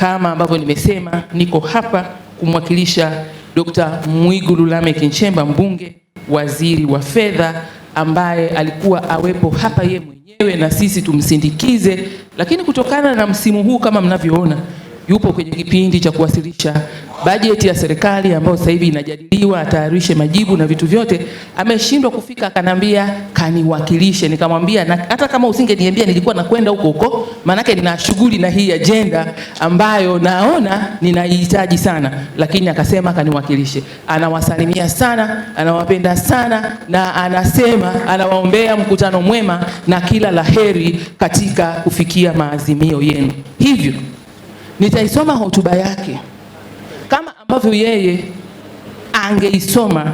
Kama ambavyo nimesema, niko hapa kumwakilisha Dr. Mwigulu Lameck Nchemba, mbunge, waziri wa fedha, ambaye alikuwa awepo hapa ye mwenyewe na sisi tumsindikize, lakini kutokana na msimu huu kama mnavyoona yupo kwenye kipindi cha kuwasilisha bajeti ya serikali ambayo sasa hivi inajadiliwa, atayarishe majibu na vitu vyote. Ameshindwa kufika, akanambia kaniwakilishe. Nikamwambia hata kama usingeniambia nilikuwa nakwenda huko huko, maanake nina shughuli na hii ajenda ambayo naona ninaihitaji sana, lakini akasema kaniwakilishe. Anawasalimia sana, anawapenda sana, na anasema anawaombea mkutano mwema na kila laheri katika kufikia maazimio yenu hivyo nitaisoma hotuba yake kama ambavyo yeye angeisoma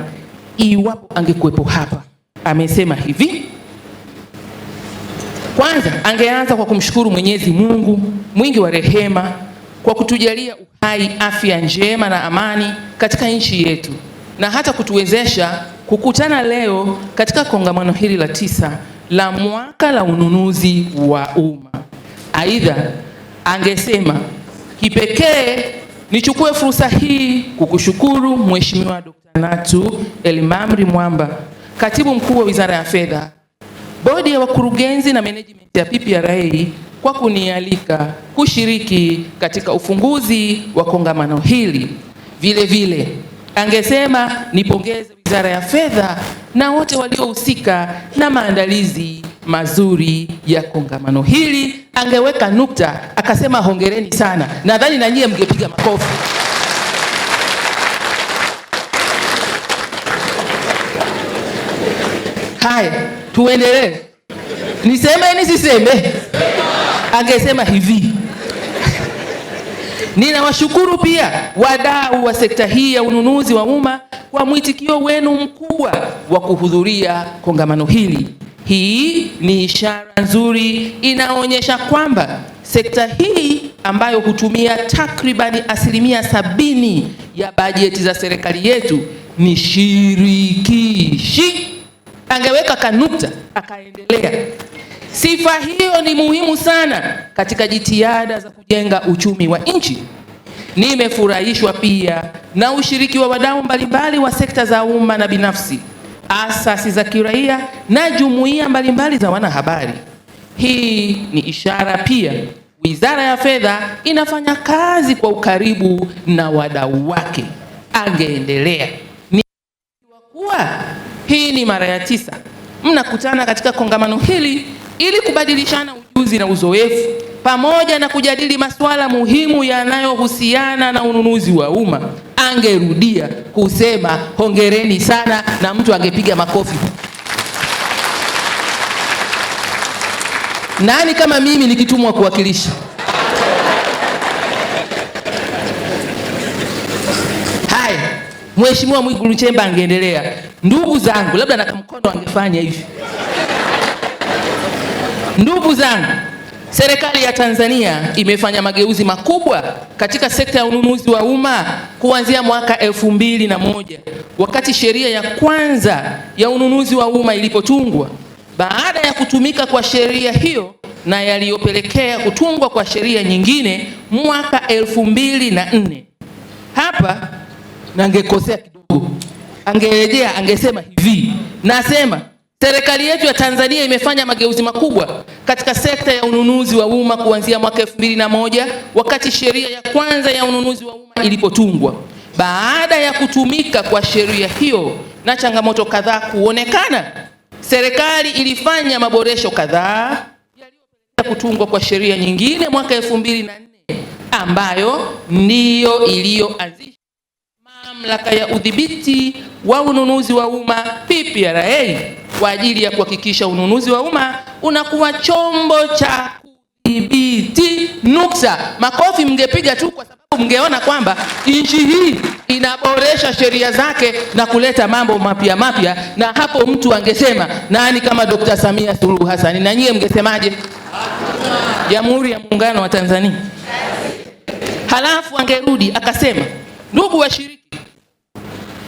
iwapo angekuwepo hapa. Amesema hivi, kwanza angeanza kwa kumshukuru Mwenyezi Mungu mwingi wa rehema kwa kutujalia uhai, afya njema na amani katika nchi yetu na hata kutuwezesha kukutana leo katika kongamano hili la tisa la mwaka la ununuzi wa umma. Aidha, angesema Kipekee nichukue fursa hii kukushukuru Mheshimiwa Dkt. Natu Elimamri Mwamba, Katibu Mkuu wa Wizara ya Fedha, Bodi ya Wakurugenzi na Management ya PPRA kwa kunialika kushiriki katika ufunguzi wa kongamano hili. Vile vile angesema nipongeze Wizara ya Fedha na wote waliohusika na maandalizi mazuri ya kongamano hili. Angeweka nukta akasema hongereni sana, nadhani na nyie mngepiga makofi. Haya, tuendelee. Niseme nisiseme? Angesema hivi Ninawashukuru pia wadau wa sekta hii ya ununuzi wa umma kwa mwitikio wenu mkubwa wa kuhudhuria kongamano hili. Hii ni ishara nzuri, inaonyesha kwamba sekta hii ambayo hutumia takribani asilimia sabini ya bajeti za serikali yetu ni shirikishi. Angeweka kanukta akaendelea. Sifa hiyo ni muhimu sana katika jitihada za kujenga uchumi wa nchi. Nimefurahishwa pia na ushiriki wa wadau mbalimbali wa sekta za umma na binafsi asasi za kiraia na jumuiya mbalimbali za wanahabari. Hii ni ishara pia Wizara ya Fedha inafanya kazi kwa ukaribu na wadau wake. Angeendelea ni kuwa hii ni mara ya tisa mnakutana katika kongamano hili ili kubadilishana ujuzi na uzoefu pamoja na kujadili masuala muhimu yanayohusiana na ununuzi wa umma, angerudia kusema hongereni sana, na mtu angepiga makofi. Nani kama mimi nikitumwa kuwakilisha? Haya, Mheshimiwa Mwigulu Nchemba angeendelea. Ndugu zangu, labda na Kamkondo angefanya hivi. Ndugu zangu Serikali ya Tanzania imefanya mageuzi makubwa katika sekta ya ununuzi wa umma kuanzia mwaka elfu mbili na moja wakati sheria ya kwanza ya ununuzi wa umma ilipotungwa. Baada ya kutumika kwa sheria hiyo na yaliyopelekea kutungwa kwa sheria nyingine mwaka elfu mbili na nne hapa nangekosea kidogo, angerejea angesema hivi, nasema Serikali yetu ya Tanzania imefanya mageuzi makubwa katika sekta ya ununuzi wa umma kuanzia mwaka elfu mbili na moja wakati sheria ya kwanza ya ununuzi wa umma ilipotungwa. Baada ya kutumika kwa sheria hiyo na changamoto kadhaa kuonekana, serikali ilifanya maboresho kadhaa yaliyopelekea kutungwa kwa sheria nyingine mwaka elfu mbili na nne ambayo ndiyo iliyoanzisha mamlaka ya udhibiti wa ununuzi wa umma PPRA kwa ajili ya kuhakikisha ununuzi wa umma unakuwa chombo cha kudhibiti nuksa. Makofi mngepiga tu, kwa sababu mngeona kwamba nchi hii inaboresha sheria zake na kuleta mambo mapya mapya, na hapo mtu angesema nani kama Dr. Samia Suluhu Hassan? Na nyie mngesemaje Jamhuri ya Muungano wa Tanzania? Halafu angerudi akasema, ndugu washiriki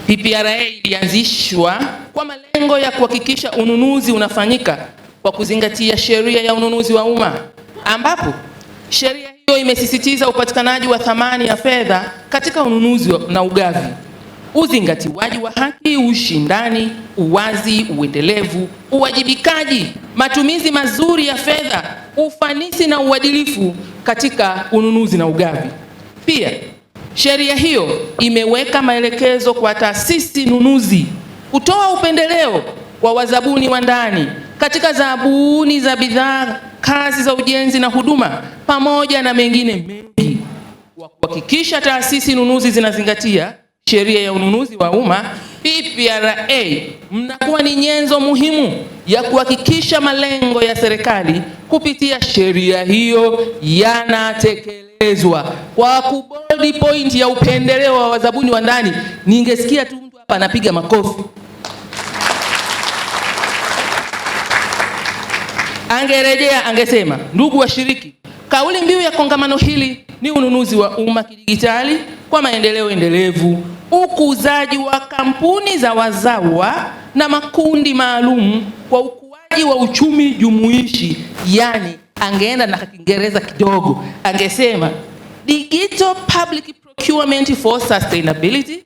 PPRA ilianzishwa kwa malengo ya kuhakikisha ununuzi unafanyika kwa kuzingatia sheria ya ununuzi wa umma ambapo sheria hiyo imesisitiza upatikanaji wa thamani ya fedha katika ununuzi na ugavi, uzingatiwaji wa haki, ushindani, uwazi, uendelevu, uwajibikaji, matumizi mazuri ya fedha, ufanisi na uadilifu katika ununuzi na ugavi. Pia Sheria hiyo imeweka maelekezo kwa taasisi nunuzi kutoa upendeleo kwa wazabuni wa ndani katika zabuni za bidhaa, kazi za ujenzi na huduma, pamoja na mengine mengi, kwa kuhakikisha taasisi nunuzi zinazingatia sheria ya ununuzi wa umma PPRA, mnakuwa ni nyenzo muhimu ya kuhakikisha malengo ya serikali kupitia sheria hiyo yanatekelezwa kuelezwa kwa kubodi point ya upendeleo wa wazabuni wa ndani, ningesikia tu mtu hapa anapiga makofi. Angerejea angesema, ndugu washiriki, kauli mbiu ya kongamano hili ni ununuzi wa umma kidigitali kwa maendeleo endelevu, ukuzaji wa kampuni za wazawa na makundi maalum kwa ukuaji wa uchumi jumuishi, yani angeenda na Kiingereza kidogo, angesema digital public procurement for sustainability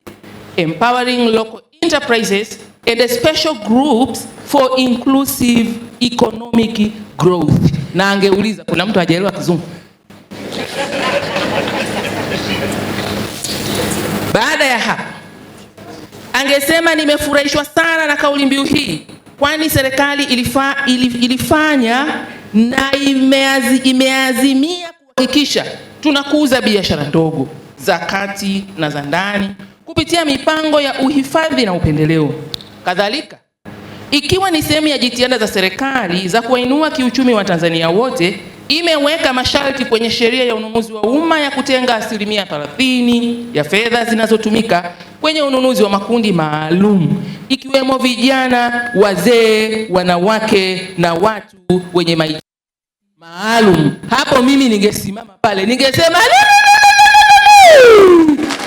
empowering local enterprises and special groups for inclusive economic growth. Na angeuliza kuna mtu ajaelewa kizungu? Baada ya hapo angesema nimefurahishwa sana na kauli mbiu hii, kwani serikali ilifanya na imeazimia kuhakikisha tunakuza biashara ndogo za kati na za ndani kupitia mipango ya uhifadhi na upendeleo. Kadhalika, ikiwa ni sehemu ya jitihada za serikali za kuwainua kiuchumi wa Tanzania wote, imeweka masharti kwenye sheria ya ununuzi wa umma ya kutenga asilimia 30 ya fedha zinazotumika kwenye ununuzi wa makundi maalum ikiwemo vijana, wazee, wanawake na watu wenye mahitaji maalum. Hapo mimi ningesimama pale ningesema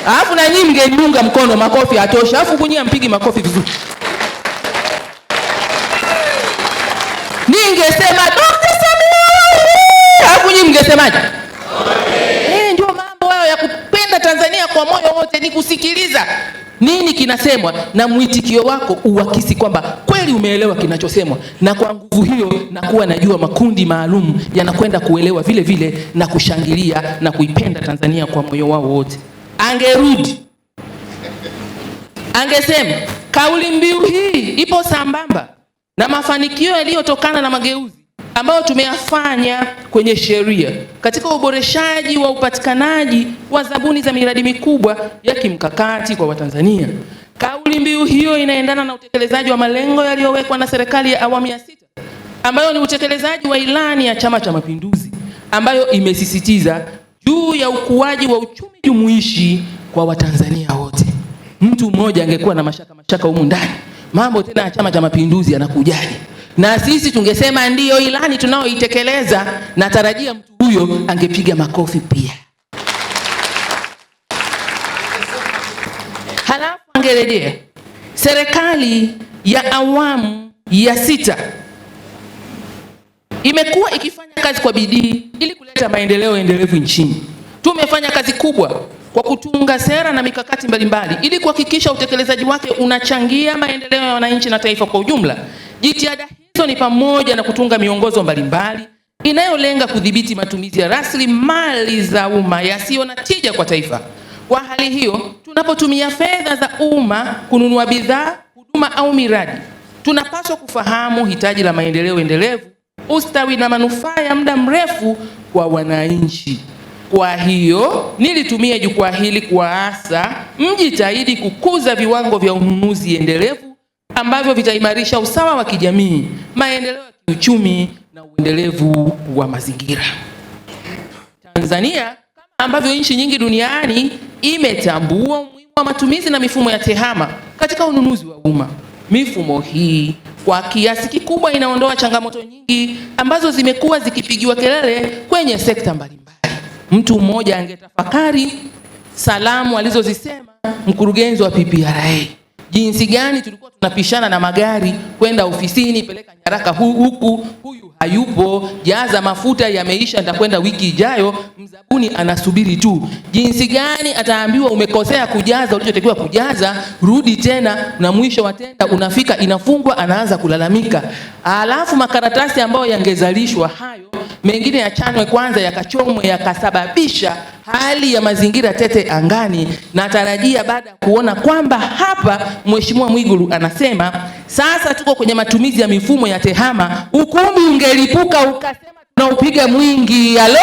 alafu na nyinyi mngeniunga mkono, makofi atosha, alafu kunyia mpigi makofi vizuri. wote ni kusikiliza nini kinasemwa na mwitikio wako uakisi kwamba kweli umeelewa kinachosemwa, na kwa nguvu hiyo nakuwa najua makundi maalum yanakwenda kuelewa vile vile na kushangilia na kuipenda Tanzania kwa moyo wao wote. Angerudi angesema kauli mbiu hii ipo sambamba na mafanikio yaliyotokana na mageuzi ambayo tumeyafanya kwenye sheria katika uboreshaji wa upatikanaji wa zabuni za miradi mikubwa ya kimkakati kwa Watanzania. Kauli mbiu hiyo inaendana na utekelezaji wa malengo yaliyowekwa na serikali ya awamu ya sita ambayo ni utekelezaji wa ilani ya Chama cha Mapinduzi ambayo imesisitiza juu ya ukuaji wa uchumi jumuishi kwa Watanzania wote. Mtu mmoja angekuwa na mashaka mashaka humu ndani, mambo tena ya Chama cha Mapinduzi yanakujaje? na sisi tungesema ndiyo ilani tunayoitekeleza, natarajia mtu huyo angepiga makofi pia, halafu angerejea. Serikali ya awamu ya sita imekuwa ikifanya kazi kwa bidii ili kuleta maendeleo endelevu nchini. Tumefanya kazi kubwa kwa kutunga sera na mikakati mbalimbali ili kuhakikisha utekelezaji wake unachangia maendeleo ya wananchi na taifa kwa ujumla. Jitihada Hizo ni pamoja na kutunga miongozo mbalimbali inayolenga kudhibiti matumizi ya rasilimali za umma yasiyo na tija kwa taifa. Kwa hali hiyo, tunapotumia fedha za umma kununua bidhaa, huduma au miradi, tunapaswa kufahamu hitaji la maendeleo endelevu, ustawi na manufaa ya muda mrefu kwa wananchi. Kwa hiyo nilitumia jukwaa hili kuwaasa mjitahidi kukuza viwango vya ununuzi endelevu ambavyo vitaimarisha usawa wa kijamii, maendeleo ya kiuchumi na uendelevu wa mazingira. Tanzania ambavyo nchi nyingi duniani imetambua umuhimu wa matumizi na mifumo ya tehama katika ununuzi wa umma. Mifumo hii kwa kiasi kikubwa inaondoa changamoto nyingi ambazo zimekuwa zikipigiwa kelele kwenye sekta mbalimbali. Mtu mmoja angetafakari salamu alizozisema mkurugenzi wa PPRA jinsi gani tulikuwa tunapishana na magari kwenda ofisini, peleka nyaraka huku, huyu hayupo, jaza mafuta yameisha, nitakwenda wiki ijayo. Mzabuni anasubiri tu, jinsi gani ataambiwa umekosea kujaza ulichotakiwa kujaza, rudi tena, na mwisho wa tenda unafika, inafungwa, anaanza kulalamika. Alafu makaratasi ambayo yangezalishwa hayo mengine yachanwe kwanza, yakachomwe, yakasababisha hali ya mazingira tete angani. Natarajia baada ya kuona kwamba hapa Mheshimiwa Mwigulu anasema sasa tuko kwenye matumizi ya mifumo ya TEHAMA, ukumbi ungelipuka ukasema tunaupiga mwingi. Halo,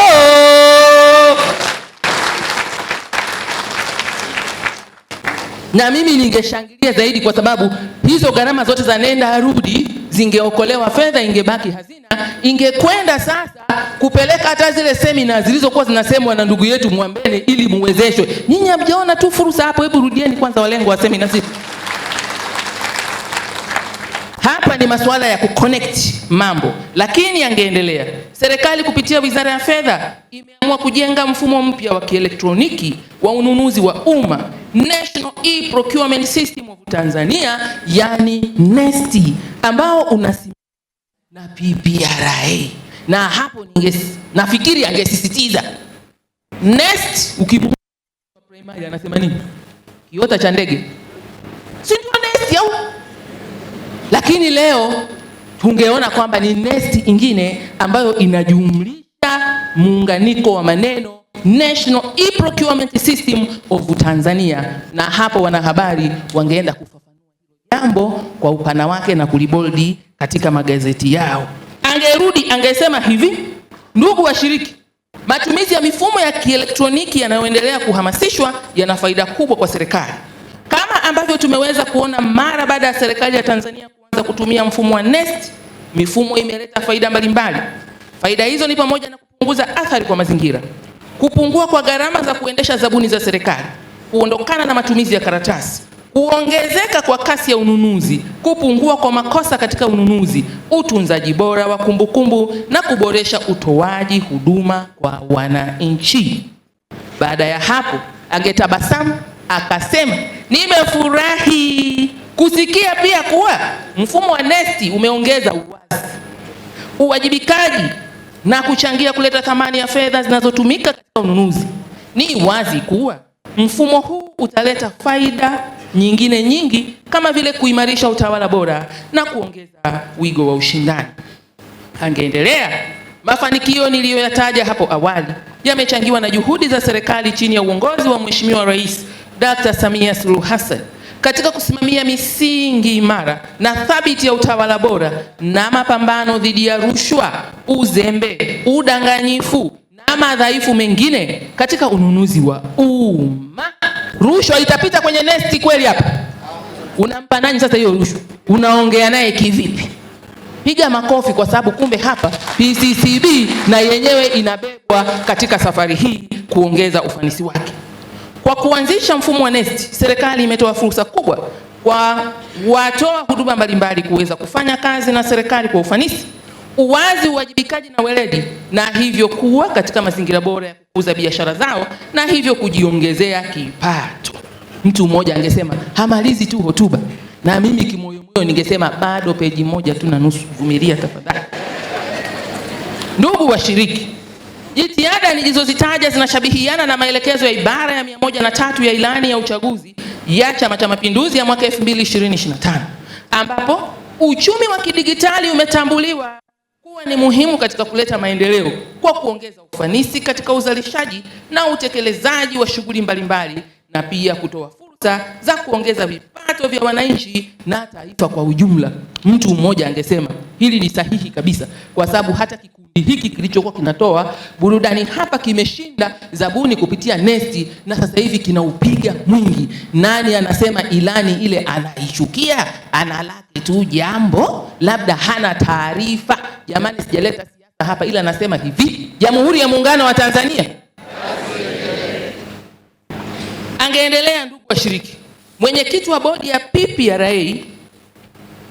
na mimi ningeshangilia zaidi, kwa sababu hizo gharama zote za nenda rudi zingeokolewa fedha, ingebaki hazina, ingekwenda sasa kupeleka hata zile semina zilizokuwa zinasemwa na ndugu yetu Mwambene ili muwezeshwe. Nyinyi hamjaona tu fursa hapo? Hebu rudieni kwanza walengo wa semina zetu. Hapa ni masuala ya kuconnect mambo, lakini yangeendelea. Serikali kupitia Wizara ya Fedha imeamua kujenga mfumo mpya wa kielektroniki wa ununuzi wa umma National e-procurement system of Tanzania, yani NeST, ambao unasimamiwa na PPRA, na hapo nafikiri angesisitiza NeST. Ukibuka primary anasema nini? Kiota cha ndege, si ndio NeST au? Lakini leo tungeona kwamba ni NeST ingine ambayo inajumlisha muunganiko wa maneno national e-procurement system of Tanzania, na hapo wanahabari wangeenda kufafanua jambo kwa upana wake na kuliboldi katika magazeti yao. Angerudi angesema hivi, ndugu washiriki, matumizi ya mifumo ya kielektroniki yanayoendelea kuhamasishwa yana faida kubwa kwa serikali kama ambavyo tumeweza kuona mara baada ya serikali ya Tanzania kuanza kutumia mfumo wa NeST, mifumo imeleta faida mbalimbali. Faida hizo ni pamoja na kupunguza athari kwa mazingira, kupungua kwa gharama za kuendesha zabuni za serikali, kuondokana na matumizi ya karatasi, kuongezeka kwa kasi ya ununuzi, kupungua kwa makosa katika ununuzi, utunzaji bora wa kumbukumbu na kuboresha utoaji huduma kwa wananchi. Baada ya hapo, angetabasamu akasema, nimefurahi kusikia pia kuwa mfumo wa NeST umeongeza uwazi, uwajibikaji na kuchangia kuleta thamani ya fedha zinazotumika katika ununuzi. Ni wazi kuwa mfumo huu utaleta faida nyingine nyingi kama vile kuimarisha utawala bora na kuongeza wigo wa ushindani. Angeendelea, mafanikio niliyoyataja hapo awali yamechangiwa na juhudi za serikali chini ya uongozi wa Mheshimiwa Rais Dr. Samia Suluhu Hassan katika kusimamia misingi imara na thabiti ya utawala bora na mapambano dhidi ya rushwa, uzembe, udanganyifu na madhaifu mengine katika ununuzi wa umma. Rushwa itapita kwenye nesti kweli? Hapa unampa nani sasa hiyo rushwa? Unaongea naye kivipi? Piga makofi kwa sababu kumbe hapa PCCB na yenyewe inabebwa katika safari hii kuongeza ufanisi wake. Kwa kuanzisha mfumo wa NeST, serikali imetoa fursa kubwa kwa watoa huduma mbalimbali kuweza kufanya kazi na serikali kwa ufanisi, uwazi, uwajibikaji na weledi, na hivyo kuwa katika mazingira bora ya kukuza biashara zao na hivyo kujiongezea kipato. Mtu mmoja angesema hamalizi tu hotuba, na mimi kimoyomoyo ningesema bado peji moja tu na nusu, vumilia tafadhali. Ndugu washiriki Jitihada nilizozitaja zinashabihiana na maelekezo ya ibara ya tatu ya ilani ya uchaguzi ya Chama cha Mapinduzi ya mwaka 2025 ambapo uchumi wa kidigitali umetambuliwa kuwa ni muhimu katika kuleta maendeleo kwa kuongeza ufanisi katika uzalishaji na utekelezaji wa shughuli mbalimbali na pia kutoa fursa za kuongeza vipato vya wananchi na taifa kwa ujumla. Mtu mmoja angesema hili ni sahihi kabisa, kwa sababu hata hiki kilichokuwa kinatoa burudani hapa kimeshinda zabuni kupitia nesti, na sasa hivi kinaupiga mwingi. Nani anasema ilani ile anaichukia? Analaki tu jambo, labda hana taarifa. Jamani, sijaleta siasa hapa, ila anasema hivi, Jamhuri ya Muungano wa Tanzania. Angeendelea ndugu washiriki, mwenyekiti wa bodi ya PPRA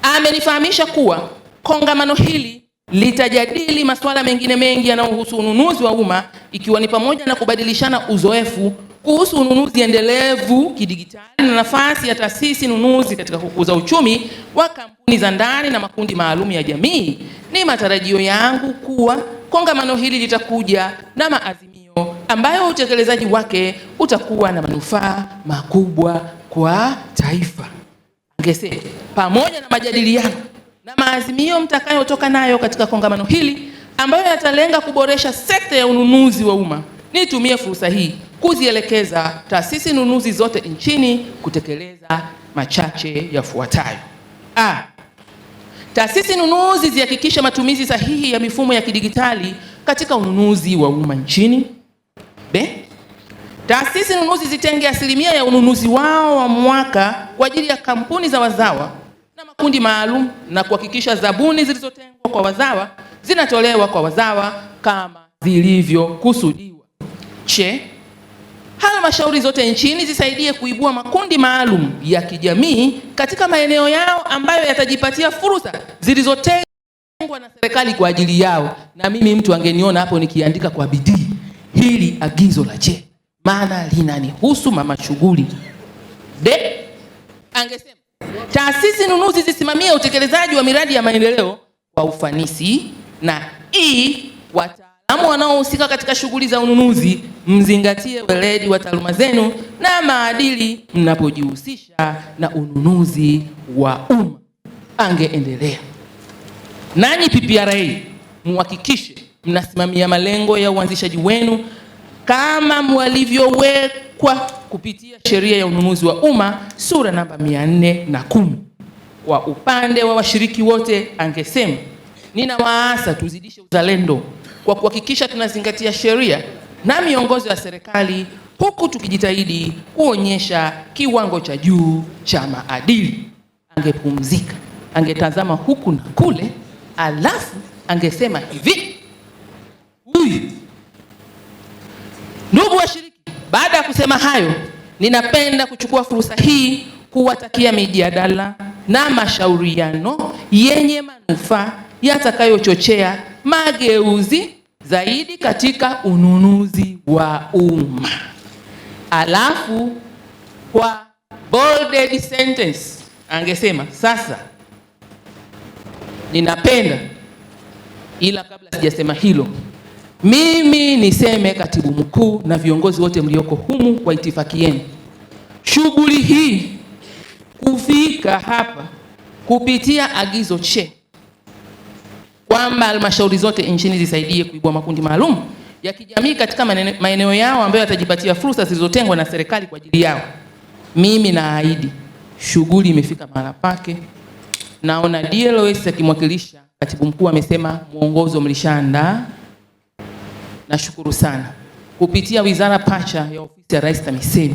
amenifahamisha kuwa kongamano hili litajadili masuala mengine mengi yanayohusu ununuzi wa umma ikiwa ni pamoja na kubadilishana uzoefu kuhusu ununuzi endelevu kidigitali na nafasi ya taasisi nunuzi katika kukuza uchumi wa kampuni za ndani na makundi maalum ya jamii. Ni matarajio yangu kuwa kongamano hili litakuja na maazimio ambayo utekelezaji wake utakuwa na manufaa makubwa kwa taifa. Angese pamoja na majadiliano na maazimio mtakayotoka nayo katika kongamano hili ambayo yatalenga kuboresha sekta ya ununuzi wa umma. Nitumie fursa hii kuzielekeza taasisi nunuzi zote nchini kutekeleza machache yafuatayo. A, taasisi nunuzi zihakikishe matumizi sahihi ya mifumo ya kidigitali katika ununuzi wa umma nchini. B, taasisi nunuzi zitenge asilimia ya ununuzi wao wa mwaka kwa ajili ya kampuni za wazawa makundi maalum na kuhakikisha zabuni zilizotengwa kwa wazawa zinatolewa kwa wazawa kama zilivyokusudiwa. Che, halmashauri zote nchini zisaidie kuibua makundi maalum ya kijamii katika maeneo yao ambayo yatajipatia fursa zilizotengwa na serikali kwa ajili yao. Na mimi mtu angeniona hapo nikiandika kwa bidii hili agizo la Che, maana linanihusu mama shughuli de angesema taasisi nunuzi zisimamie utekelezaji wa miradi ya maendeleo kwa ufanisi, na i wataalamu wanaohusika katika shughuli za ununuzi mzingatie weledi wa taaluma zenu na maadili mnapojihusisha na ununuzi wa umma. Angeendelea nanyi PPRA muhakikishe mnasimamia malengo ya uanzishaji wenu kama mwalivyowekwa kupitia sheria ya ununuzi wa umma sura namba 410. Kwa upande wa washiriki wote, angesema ninawaasa tuzidishe uzalendo kwa kuhakikisha tunazingatia sheria na miongozo ya serikali huku tukijitahidi kuonyesha kiwango cha juu cha maadili. Angepumzika, angetazama huku na kule, alafu angesema hivi, huyu ndugu washiriki baada ya kusema hayo, ninapenda kuchukua fursa hii kuwatakia mijadala na mashauriano yenye manufaa yatakayochochea mageuzi zaidi katika ununuzi wa umma. Alafu kwa bolded sentence angesema sasa, ninapenda ila kabla sijasema hilo mimi niseme katibu mkuu na viongozi wote mlioko humu kwa itifaki yenu, shughuli hii kufika hapa kupitia agizo che kwamba halmashauri zote nchini zisaidie kuibua makundi maalum ya kijamii katika maeneo yao ambayo yatajipatia fursa zilizotengwa na serikali kwa ajili yao. Mimi naahidi shughuli imefika mahala pake. Naona DLS akimwakilisha katibu mkuu amesema mwongozo mlishaandaa. Nashukuru sana kupitia wizara pacha ya ofisi ya Rais TAMISEMI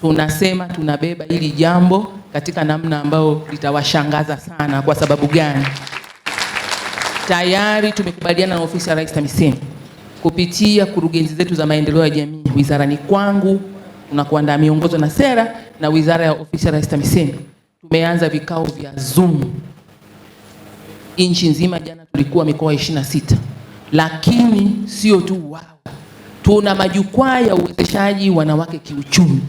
tunasema tunabeba hili jambo katika namna ambayo litawashangaza sana. Kwa sababu gani? Tayari tumekubaliana na ofisi ya Rais TAMISEMI kupitia kurugenzi zetu za maendeleo ya jamii wizarani kwangu, tunakuandaa miongozo na sera, na wizara ya ofisi ya Rais TAMISEMI tumeanza vikao vya Zoom nchi nzima. Jana tulikuwa mikoa 26 lakini sio tu wao, tuna majukwaa ya uwezeshaji wanawake kiuchumi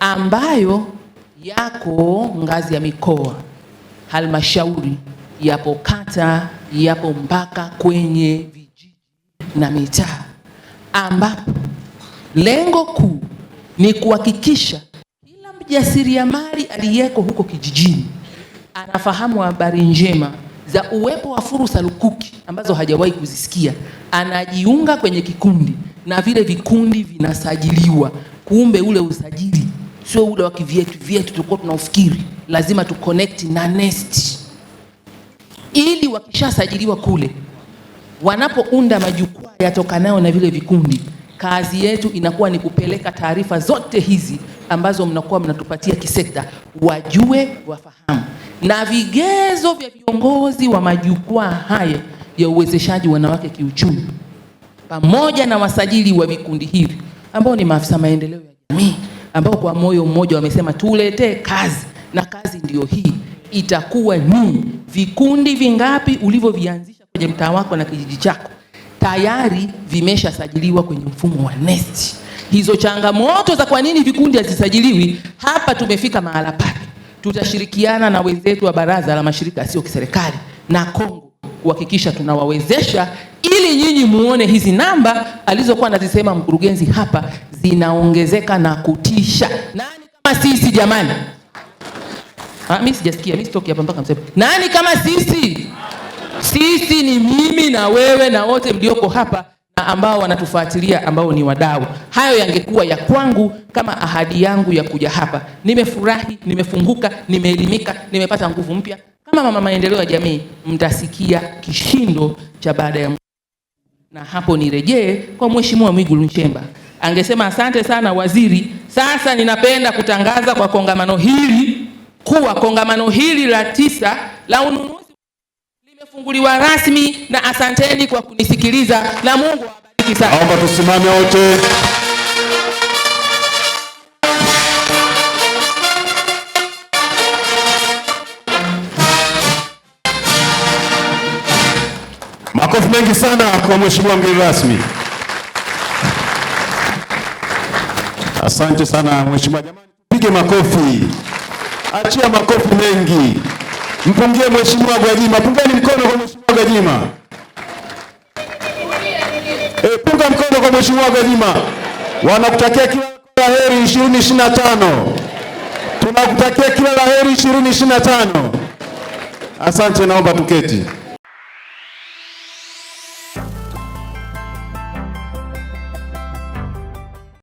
ambayo yako ngazi ya mikoa, halmashauri, yapo kata, yapo mpaka kwenye vijiji na mitaa, ambapo lengo kuu ni kuhakikisha kila mjasiriamali aliyeko huko kijijini anafahamu habari njema za uwepo wa fursa lukuki ambazo hajawahi kuzisikia, anajiunga kwenye kikundi na vile vikundi vinasajiliwa. Kumbe ule usajili sio ule wa kivyetu vyetu tulikuwa tunaufikiri, lazima tu connect na nest, ili wakishasajiliwa kule wanapounda majukwaa yatokanayo na vile vikundi, kazi yetu inakuwa ni kupeleka taarifa zote hizi ambazo mnakuwa mnatupatia kisekta, wajue wafahamu na vigezo vya viongozi wa majukwaa haya ya uwezeshaji wanawake kiuchumi, pamoja na wasajili wa vikundi hivi ambao ni maafisa maendeleo ya jamii ambao kwa moyo mmoja wamesema tuletee kazi, na kazi ndiyo hii. Itakuwa ni vikundi vingapi ulivyovianzisha kwenye mtaa wako na kijiji chako tayari vimeshasajiliwa kwenye mfumo wa NeST. Hizo changamoto za kwa nini vikundi hazisajiliwi, hapa tumefika mahala pake tutashirikiana na wenzetu wa Baraza la Mashirika Yasiyo Kiserikali na Kongo kuhakikisha tunawawezesha ili nyinyi muone hizi namba alizokuwa anazisema mkurugenzi hapa zinaongezeka na kutisha. Nani kama sisi jamani? Ha, ah, mimi sijasikia, mi sitoki hapa mpaka mseme nani kama sisi. Sisi ni mimi na wewe na wote mlioko hapa ambao wanatufuatilia ambao ni wadau. Hayo yangekuwa ya kwangu kama ahadi yangu ya kuja hapa. Nimefurahi, nimefunguka, nimeelimika, nimepata nguvu mpya. Kama mama maendeleo ya jamii, mtasikia kishindo cha baada ya na hapo nirejee kwa Mheshimiwa Mwigulu Nchemba, angesema asante sana waziri. Sasa ninapenda kutangaza kwa kongamano hili kuwa kongamano hili la tisa la ununuzi kufunguliwa rasmi, na asanteni kwa kunisikiliza na Mungu awabariki sana. Naomba tusimame wote. Makofi mengi sana kwa mheshimiwa mgeni rasmi. Asante sana mheshimiwa. Jamani, pige makofi, achia makofi mengi. Mpungie Mheshimiwa Gwajima, pungeni mkono kwa Mheshimiwa Gwajima. E, punga mkono kwa Mheshimiwa Gwajima. Wanakutakia kila la heri 2025. Tunakutakia kila la heri 2025. Asante, naomba tuketi.